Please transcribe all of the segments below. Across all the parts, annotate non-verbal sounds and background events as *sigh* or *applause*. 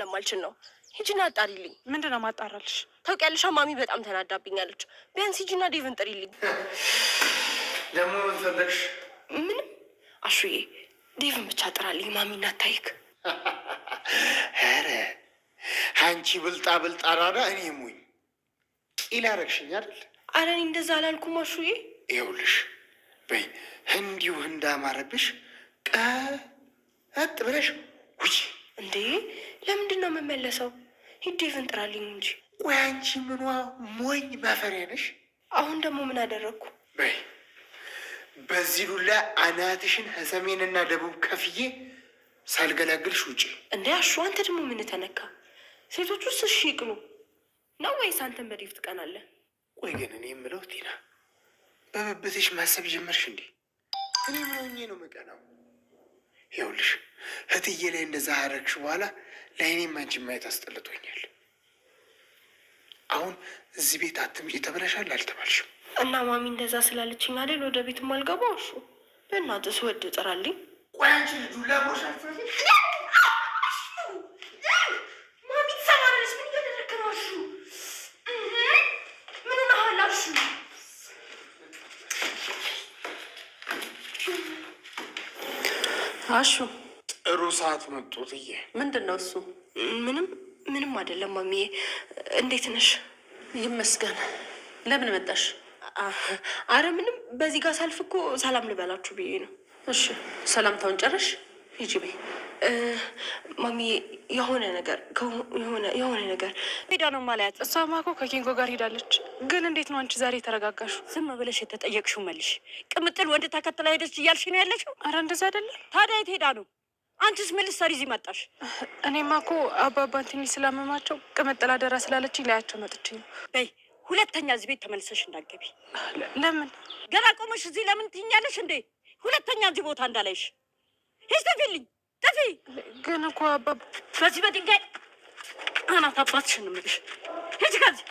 ስለማልችል ነው። ሂጂና አጣሪልኝ። ምንድን ነው ማጣራልሽ? ታውቂያለሽ፣ አማሚ በጣም ተናዳብኛለች። ቢያንስ ሂጂና ዴቭን ጥሪልኝ። ደግሞ ፈለግሽ? ምንም አሹዬ፣ ዴቭን ብቻ ጥራልኝ። ማሚ እናታይክ። *laughs* ኧረ አንቺ ብልጣ ብልጣ ራራ እኔ ሙኝ ቂል ያረግሽኝ አይደል? ኧረ እኔ እንደዛ አላልኩም አሹዬ። ይኸውልሽ በይ እንዲሁ እንዳማረብሽ ቀጥ ብለሽ ውይ እንዴ ለምንድን ነው የምመለሰው? ሂዴቭን ጥራልኝ እንጂ። ቆይ አንቺ ምኗ ሞኝ ማፈሪያ ነሽ? አሁን ደግሞ ምን አደረግኩ? በዚህ ዱላ አናትሽን ሰሜንና ደቡብ ከፍዬ ሳልገላግልሽ ውጪ። እንደ አሹ አንተ ደግሞ ምን ተነካ? ሴቶች ውስጥ እሺ ይቅሉ ነው ወይስ አንተን በዴቭ ትቀናለህ? ቆይ ግን እኔ የምለው ቲና በብብትሽ ማሰብ ጀመርሽ እንዴ? እኔ ምን ሆኜ ነው መቀናው? ይኸውልሽ እህትዬ ላይ እንደዛ አደረግሽ በኋላ ለእኔም አንቺን ማየት አስጠልቶኛል። አሁን እዚህ ቤት አትምጪ ተብለሻል አልተባልሽም? እና ማሚ እንደዛ ስላለችኝ አይደል ወደ ቤት ማልገባው? እሱ በእናትህ ስወድ ጥራልኝ። ቆይ አንቺ ልጁ አሹ ጥሩ ሰዓት መጡ። ትዬ ምንድን ነው እሱ? ምንም ምንም አይደለም ማሚዬ። እንዴት ነሽ? ይመስገን። ለምን መጣሽ? አረ ምንም፣ በዚህ ጋር ሳልፍ እኮ ሰላም ልበላችሁ ብዬ ነው። እሺ ሰላምታውን ጨረሽ? ሂጂ በይ። ማሚዬ የሆነ ነገር የሆነ ነገር ሄዳ ነው ማለያት። እሷማ እኮ ከኪንጎ ጋር ሄዳለች። ግን እንዴት ነው አንቺ ዛሬ የተረጋጋሹ? ዝም ብለሽ የተጠየቅሽው መልሽ። ቅምጥል ወንድ ተከትላ ሄደች እያልሽ ነው ያለሽው? አረ እንደዛ አይደለም። ታዲያ የት ሄዳ ነው? አንቺስ ምን ልትሰሪ እዚህ መጣሽ? እኔማ እኮ አባባን ትንሽ ስላመማቸው ቅምጥል አደራ ስላለችኝ ላያቸው መጥቼ ነው። በይ ሁለተኛ እዚህ ቤት ተመልሰሽ እንዳገቢ። ለምን ገና ቆመሽ እዚህ ለምን ትኛለሽ እንዴ? ሁለተኛ እዚህ ቦታ እንዳላይሽ። ሂጂ ጥፊልኝ፣ ጥፊ። ግን እኮ አባ በዚህ በድንጋይ አናት አባትሽን እምልሽ። ሂጂ ከዚህ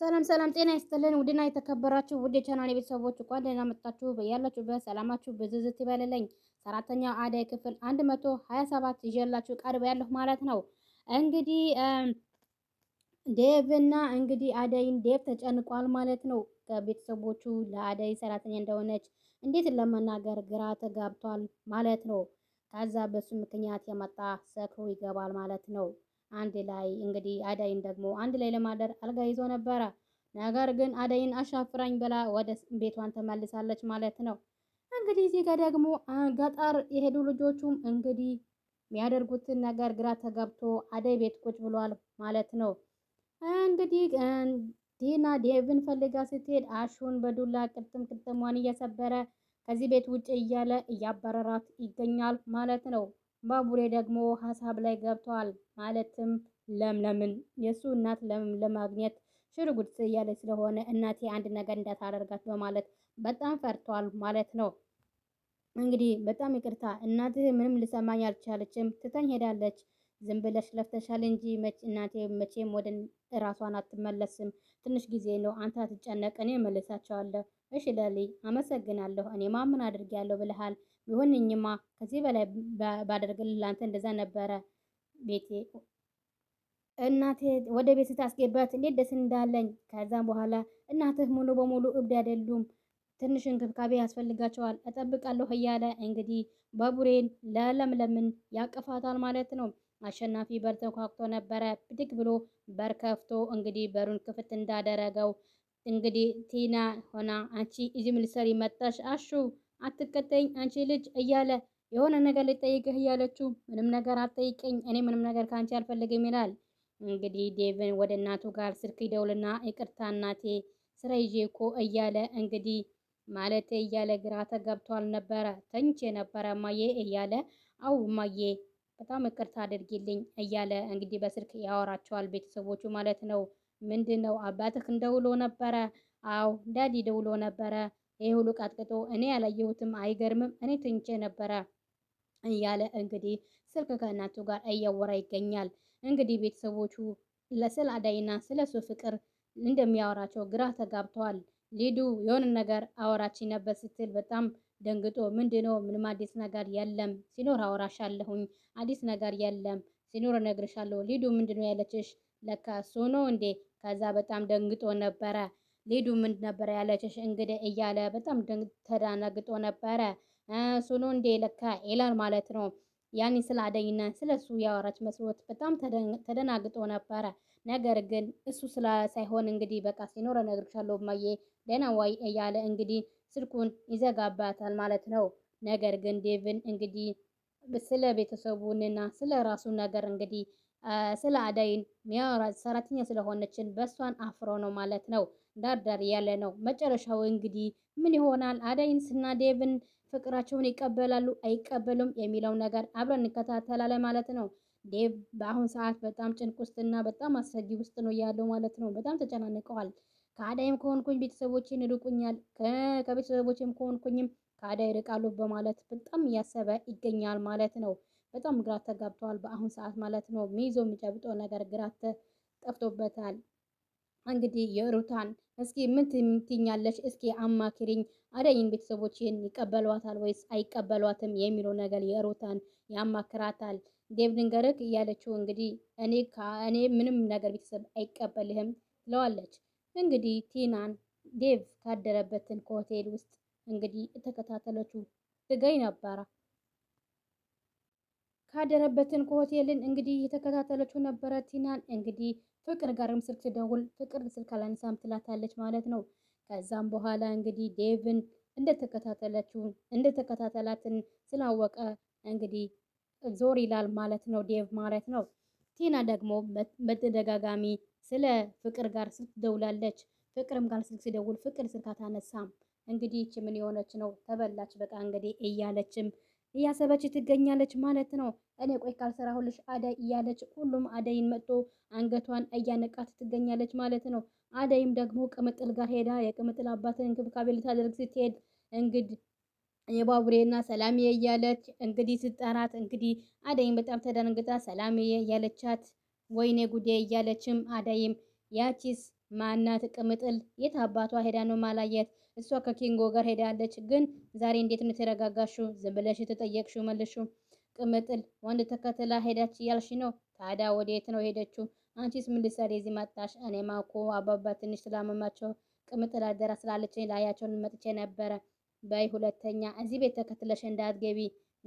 ሰላም ሰላም፣ ጤና ይስጥልን ውድና የተከበራችሁ ውድ የቻናል ቤተሰቦች እንኳን ደህና መጣችሁ። በያላችሁበት ሰላማችሁ ብዝዝት ይበልልኝ። ሰራተኛው አደይ ክፍል 127 ይዤላችሁ ቀርብ ያለሁ ማለት ነው። እንግዲህ ዴቭ ዴቭና እንግዲህ አደይን ዴቭ ተጨንቋል ማለት ነው። ከቤተሰቦቹ ለአደይ ሰራተኛ እንደሆነች እንዴት ለመናገር ግራ ተጋብቷል ማለት ነው። ከዛ በሱ ምክንያት የመጣ ሰክሮ ይገባል ማለት ነው። አንድ ላይ እንግዲህ አዳይን ደግሞ አንድ ላይ ለማደር አልጋ ይዞ ነበረ። ነገር ግን አዳይን አሻፍራኝ ብላ ወደ ቤቷን ተመልሳለች ማለት ነው። እንግዲህ እዚህ ጋር ደግሞ ገጠር የሄዱ ልጆቹም እንግዲህ የሚያደርጉትን ነገር ግራ ተገብቶ አዳይ ቤት ቁጭ ብሏል ማለት ነው። እንግዲህ ዲና ዴቭን ፈልጋ ስትሄድ አሹን በዱላ ቅጥም ቅጥሟን እየሰበረ ከዚህ ቤት ውጭ እያለ እያበረራት ይገኛል ማለት ነው። ባቡሬ ደግሞ ሀሳብ ላይ ገብተዋል። ማለትም ለምለምን የእሱ እናት ለማግኘት ሽርጉድ እያለ ስለሆነ እናቴ አንድ ነገር እንዳታደርጋት በማለት በጣም ፈርቷል ማለት ነው። እንግዲህ በጣም ይቅርታ እናትህ ምንም ልሰማኝ አልቻለችም፣ ትተኝ ሄዳለች። ዝም ብለሽ ለፍተሻል እንጂ መች እናቴ መቼም ወደ ራሷን አትመለስም። ትንሽ ጊዜ ነው አንተ አትጨነቅ፣ እኔ መልሳቸዋለሁ። እሺ ለሊ አመሰግናለሁ። እኔማ ምን አድርጌያለሁ ብለሃል ይሁን እኝማ ከዚህ በላይ ባደርግል ላንተ እንደዛ ነበረ ቤቴ እናቴ ወደ ቤት ስታስገባት እንዴት ደስ እንዳለኝ። ከዛም በኋላ እናትህ ሙሉ በሙሉ እብድ አይደሉም፣ ትንሽ እንክብካቤ ያስፈልጋቸዋል፣ እጠብቃለሁ እያለ እንግዲህ ባቡሬን ለለምለምን ያቀፋታል ማለት ነው። አሸናፊ በር ተንኳኩቶ ነበረ። ብድግ ብሎ በር ከፍቶ እንግዲህ በሩን ክፍት እንዳደረገው እንግዲህ ቲና ሆና አንቺ እዚህ ምልሰሪ መጣሽ? አሹ አትከተኝ አንቺ ልጅ እያለ የሆነ ነገር ልጠይቅህ እያለችው ምንም ነገር አትጠይቀኝ፣ እኔ ምንም ነገር ከአንቺ አልፈልግም ይላል። እንግዲህ ዴቭን ወደ እናቱ ጋር ስልክ ይደውልና ይቅርታ እናቴ ስራ ይዤ እኮ እያለ እንግዲህ ማለቴ እያለ ግራ ተገብቷል ነበረ። ተኝቼ ነበረ እማዬ እያለ አው እማዬ በጣም ይቅርታ አድርጊልኝ እያለ እንግዲህ በስልክ ያወራቸዋል ቤተሰቦቹ ማለት ነው። ምንድን ነው አባትህ እንደውሎ ነበረ? አው ዳዲ ደውሎ ነበረ ይህ ሁሉ ቃጥቅጦ እኔ ያላየሁትም አይገርምም፣ እኔ ትንቼ ነበረ እያለ እንግዲህ ስልክ ከእናቱ ጋር እያወራ ይገኛል። እንግዲህ ቤተሰቦቹ ለስለ አዳይና ስለ እሱ ፍቅር እንደሚያወራቸው ግራ ተጋብተዋል። ሊዱ የሆነ ነገር አወራች ነበር ስትል በጣም ደንግጦ ምንድነው? ምንም አዲስ ነገር የለም፣ ሲኖር አወራሻለሁኝ። አዲስ ነገር የለም፣ ሲኖር እነግርሻለሁ። ሊዱ ምንድነው ያለችሽ? ለካ እሱ ነው እንዴ? ከዛ በጣም ደንግጦ ነበረ። ሊዱ ምን ነበር ያለችሽ እንግዲህ እያለ በጣም ተዳናግጦ ነበረ። እሱ ነው እንዴ ለካ ኤላን ማለት ነው ያኔ ስለ አደይና ስለ እሱ ያወራች መስሎት በጣም ተደናግጦ ነበረ። ነገር ግን እሱ ስለ ሳይሆን እንግዲህ በቃ ሲኖር እነግርሻለሁ እማዬ ደህና ዋይ እያለ እንግዲህ ስልኩን ይዘጋባታል ማለት ነው። ነገር ግን ዴቭን እንግዲህ ስለ ቤተሰቡንና ስለ ራሱ ነገር እንግዲህ ስለ አደይን ሚያወራ ሰራተኛ ስለሆነችን በእሷን አፍሮ ነው ማለት ነው። ዳርዳር ያለ ነው መጨረሻው። እንግዲህ ምን ይሆናል? አደይን ስና ዴቭን ፍቅራቸውን ይቀበላሉ አይቀበሉም የሚለው ነገር አብረን እንከታተላለን ማለት ነው። ዴቭ በአሁን ሰዓት በጣም ጭንቅ ውስጥና በጣም አሰጊ ውስጥ ነው ያለው ማለት ነው። በጣም ተጨናንቀዋል። ከአደይም ከሆንኩኝ ቤተሰቦችን ይርቁኛል፣ ከቤተሰቦችም ከሆንኩኝም ከአደይ ይርቃሉ በማለት በጣም እያሰበ ይገኛል ማለት ነው። በጣም ግራ ተጋብተዋል። በአሁን ሰዓት ማለት ነው ሚይዞ የሚጨብጠው ነገር ግራ ተጠፍቶበታል እንግዲህ የሩታን እስኪ ምን ትኛለሽ? እስኪ አማክሪኝ። አደይን ቤተሰቦችን ይቀበሏታል ወይስ አይቀበሏትም የሚለው ነገር የሩታን ያማክራታል። ዴቭ ድንገርክ እያለችው እንግዲህ እኔ ከእኔ ምንም ነገር ቤተሰብ አይቀበልህም ትለዋለች። እንግዲህ ቲናን ዴቭ ካደረበትን ከሆቴል ውስጥ እንግዲህ ተከታተለችው ትገኝ ነበራ ካደረበትን ከሆቴልን እንግዲህ የተከታተለችው ነበረ። ቲናን እንግዲህ ፍቅር ጋርም ስልክ ስደውል ፍቅር ስልክ አላነሳም ትላታለች ማለት ነው። ከዛም በኋላ እንግዲህ ዴቭን እንደተከታተለችው እንደተከታተላትን ስላወቀ እንግዲህ ዞር ይላል ማለት ነው ዴቭ ማለት ነው። ቲና ደግሞ በተደጋጋሚ ስለ ፍቅር ጋር ስልክ ትደውላለች። ፍቅርም ጋር ስልክ ሲደውል ፍቅር ስልክ አታነሳም። እንግዲህ ምን የሆነች ነው ተበላች በቃ እንግዲህ እያለችም እያሰበች ትገኛለች ማለት ነው። እኔ ቆይ ካልሰራሁልሽ አዳይ እያለች ሁሉም አዳይን መጥቶ አንገቷን እያነቃት ትገኛለች ማለት ነው። አዳይም ደግሞ ቅምጥል ጋር ሄዳ የቅምጥል አባትን እንክብካቤ ልታደርግ ስትሄድ እንግዲህ የባቡሬና ሰላምዬ እያለች እንግዲህ ስጠራት እንግዲህ አዳይም በጣም ተደንግጣ ሰላምዬ እያለቻት ወይኔ ጉዴ እያለችም አዳይም ያቺስ ማናት ቅምጥል የት አባቷ ሄዳ ነው ማላየት እሷ ከኪንጎ ጋር ሄዳለች። ግን ዛሬ እንዴት ነው የተረጋጋሽው? ዝም ብለሽ የተጠየቅሽው መልሽው ቅምጥል ወንድ ተከትላ ሄዳች እያልሽ ነው። ታዲያ ወዴት ነው ሄደችው? አንቺስ ምን ልትሰሪ እዚህ መጣሽ? እኔማ እኮ አባባ ትንሽ ስላመማቸው ቅምጥል አደራ ስላለች ላያቸውን መጥቼ ነበረ። በይ ሁለተኛ እዚህ ቤት ተከትለሽ እንዳትገቢ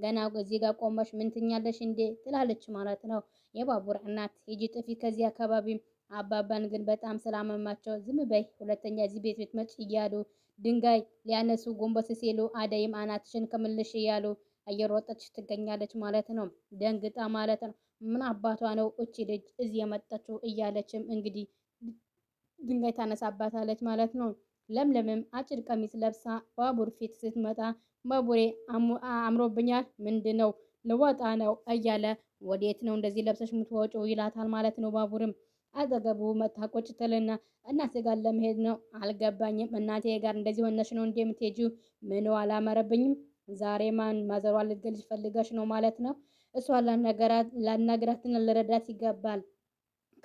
ገና እዚህ ጋር ቆመሽ ምን ትኛለሽ እንዴ ትላለች ማለት ነው። የባቡር እናት ሂጂ ጥፊ ከዚህ አካባቢ። አባባን ግን በጣም ስላመማቸው ዝም በይ ሁለተኛ እዚህ ቤት ቤት መጭ እያሉ ድንጋይ ሊያነሱ ጎንበስ ሲሉ አደይም አናትሽን ክምልሽ እያሉ እየሮጠች ትገኛለች ማለት ነው። ደንግጣ ማለት ነው። ምን አባቷ ነው እቺ ልጅ እዚህ የመጣችው እያለችም እንግዲህ ድንጋይ ታነሳባታለች ማለት ነው። ለምለምም አጭር ቀሚስ ለብሳ ባቡር ፊት ስትመጣ ባቡሬ አምሮብኛል፣ ምንድን ነው ልወጣ ነው እያለ ወዴት ነው እንደዚህ ለብሰሽ የምትወጪው ይላታል ማለት ነው ባቡርም አጠገቡ መታ ቁጭ ትልና እናቴ ጋር ለመሄድ ነው። አልገባኝም። እናቴ ጋር እንደዚህ ሆነሽ ነው እንዴ የምትሄጂው? ምን አላመረብኝም። ዛሬ ማን ማዘሯ ልትገልሽ ፈልገሽ ነው ማለት ነው? እሷ ላናግራትና ልረዳት ይገባል።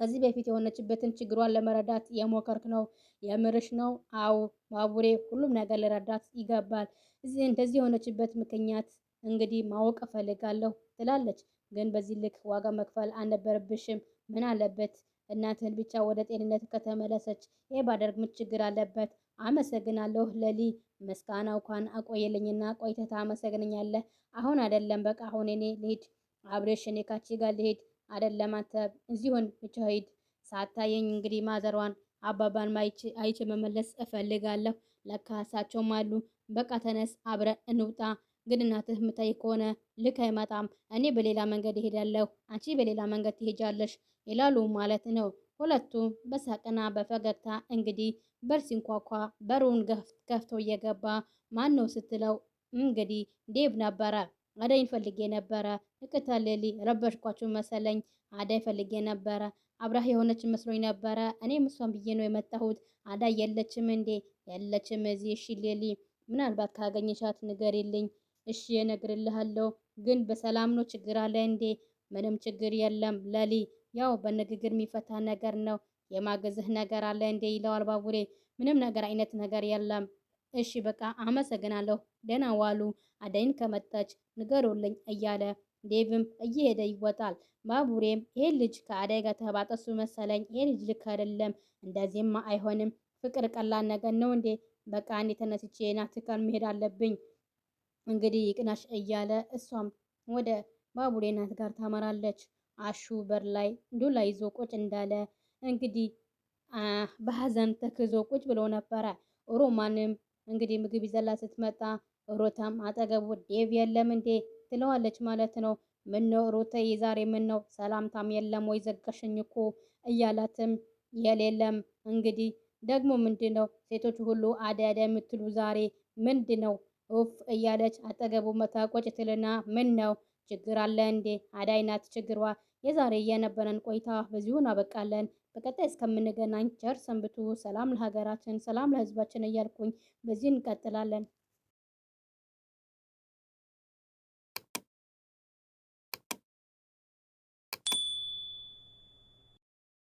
ከዚህ በፊት የሆነችበትን ችግሯን ለመረዳት የሞከርክ ነው? የምርሽ ነው? አው ባቡሬ፣ ሁሉም ነገር ልረዳት ይገባል። እዚህ እንደዚህ የሆነችበት ምክንያት እንግዲህ ማወቅ እፈልጋለሁ ትላለች። ግን በዚህ ልክ ዋጋ መክፈል አልነበረብሽም። ምን አለበት እናትህን ብቻ ወደ ጤንነት ከተመለሰች ይህ ባደርግ ምን ችግር አለበት? አመሰግናለሁ ለሊ ምስጋና እንኳን አቆየልኝና ቆይተታ ታመሰግነኛለህ። አሁን አይደለም በቃ አሁን እኔ ልሂድ፣ አብሬሽ እኔ ካቺ ጋር ልሂድ አይደለም አንተ እዚሁን ብቻ ሂድ። ሳታየኝ እንግዲህ ማዘሯን አባባን አይቼ መመለስ እፈልጋለሁ። ለካ እሳቸውም አሉ። በቃ ተነስ አብረን እንውጣ። ግን እናትህ የምታይ ከሆነ ልክ አይመጣም። እኔ በሌላ መንገድ እሄዳለሁ፣ አንቺ በሌላ መንገድ ትሄጃለሽ። ይላሉ ማለት ነው። ሁለቱም በሳቅና በፈገግታ እንግዲህ በር ሲንኳኳ በሩን ከፍቶ እየገባ ማን ነው ስትለው እንግዲህ ዴብ ነበረ። አደይን ፈልጌ ነበረ፣ እቅታ ሌሊ ረበሽኳችሁ መሰለኝ። አደይ ፈልጌ ነበረ፣ አብራህ የሆነች መስሎኝ ነበረ። እኔም እሷን ብዬ ነው የመጣሁት። አዳይ የለችም እንዴ? የለችም እዚህ። እሺ ሌሊ፣ ምናልባት ካገኘሻት ንገሪልኝ። እሺ እነግርልሃለሁ። ግን በሰላም ነው? ችግር አለ እንዴ? ምንም ችግር የለም ሌሊ ያው በንግግር የሚፈታ ነገር ነው የማገዝህ ነገር አለ እንዴ ይለዋል ባቡሬ ምንም ነገር አይነት ነገር የለም እሺ በቃ አመሰግናለሁ ደህና ዋሉ አደይን ከመጣች ንገሩልኝ እያለ ዴቭም እየሄደ ይወጣል ባቡሬም ይሄ ልጅ ከአደይ ጋር ተባጠሱ መሰለኝ ይሄ ልጅ ልክ አይደለም እንደዚህማ አይሆንም ፍቅር ቀላል ነገር ነው እንዴ በቃ እኔ ተነስቼ ናትካል መሄድ አለብኝ እንግዲህ ይቅናሽ እያለ እሷም ወደ ባቡሬ ናት ጋር ታመራለች አሹ በር ላይ ዱላ ይዞ ቁጭ እንዳለ እንግዲህ በሀዘን ተክዞ ቁጭ ብሎ ነበረ። ሮማንም እንግዲህ ምግብ ይዘላ ስትመጣ ሮታም አጠገቡ ዴቭ የለም እንዴ ትለዋለች ማለት ነው። ምነው ሮታዬ ዛሬ ምነው ሰላምታም የለም ወይ ዘጋሽኝ እኮ እያላትም የሌለም እንግዲህ ደግሞ ምንድ ነው ሴቶች ሁሉ አዳዳ የምትሉ ዛሬ ምንድ ነው? ኡፍ እያለች አጠገቡ መታቆጭ ትልና ምን ነው ችግር አለ እንዴ? አዳይ ናት ችግሯ። የዛሬ የነበረን ቆይታ በዚሁ እናበቃለን። በቀጣይ እስከምንገናኝ ቸር ሰንብቱ። ሰላም ለሀገራችን፣ ሰላም ለሕዝባችን እያልኩኝ በዚህ እንቀጥላለን።